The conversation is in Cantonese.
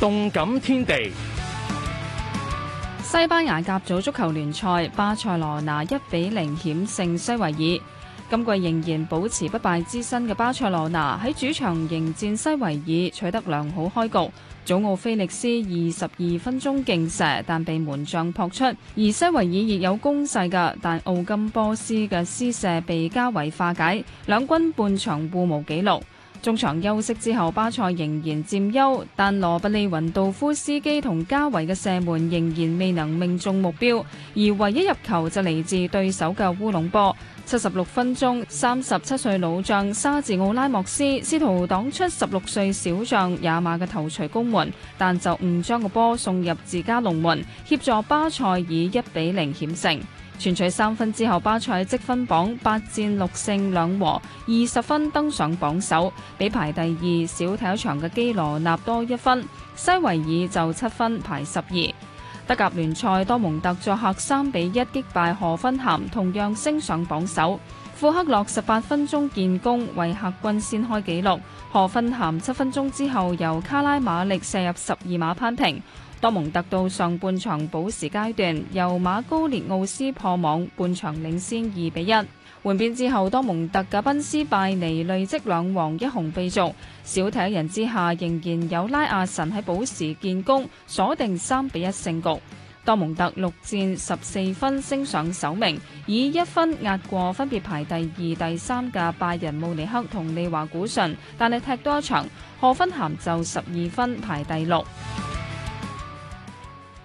動感天地，西班牙甲組足球聯賽，巴塞羅那一比零險勝西維爾。今季仍然保持不敗之身嘅巴塞羅那喺主場迎戰西維爾，取得良好開局。祖奧菲力斯二十二分鐘勁射，但被門將撲出；而西維爾亦有攻勢嘅，但奧金波斯嘅施射被加維化解。兩軍半場互無紀錄。中場休息之後，巴塞仍然佔優，但羅布里雲道夫斯基同加維嘅射門仍然未能命中目標，而唯一入球就嚟自對手嘅烏龍波。七十六分鐘，三十七歲老將沙治奧拉莫斯試圖擋出十六歲小將亞馬嘅頭槌攻門，但就誤將個波送入自家龍門，協助巴塞以一比零險勝。全取三分之後，巴塞積分榜八戰六勝兩和，二十分登上榜首，比排第二、少踢一場嘅基羅納多一分。西維爾就七分排十二。德甲聯賽多蒙特作客三比一擊敗何芬咸，同樣升上榜首。富克洛十八分鐘建功，為客軍先開紀錄。賀芬咸七分鐘之後由卡拉馬力射入十二碼攀平。多蒙特到上半場補時階段由馬高列奧斯破網，半場領先二比一。換邊之後，多蒙特嘅賓斯拜尼累積兩黃一紅被逐。少一人之下仍然有拉亞神喺補時建功，鎖定三比一勝局。多蒙特六戰十四分升上首名，以一分壓過分別排第二、第三嘅拜仁慕尼黑同利華古純，但係踢多一場，賀芬咸就十二分排第六。